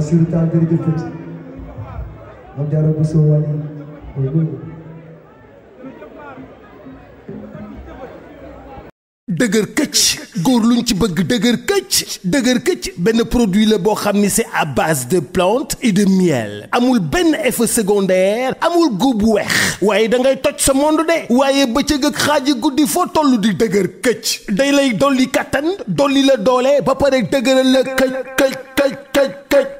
Bassirou Tall jërëjëf dëgër këcc góor luñ ci bëgg dëgër këcc dëgër këcc benn produit la boo xam ni c'est à base de plantes et de miel amul benn effet secondaire amul góob weex waaye dangay toj sa monde de waaye bëccëg ak xaaji guddi foo toll di dëgër këcc day lay dolli kattan dolli la doole ba pare dëgëral la këcc këcc këcc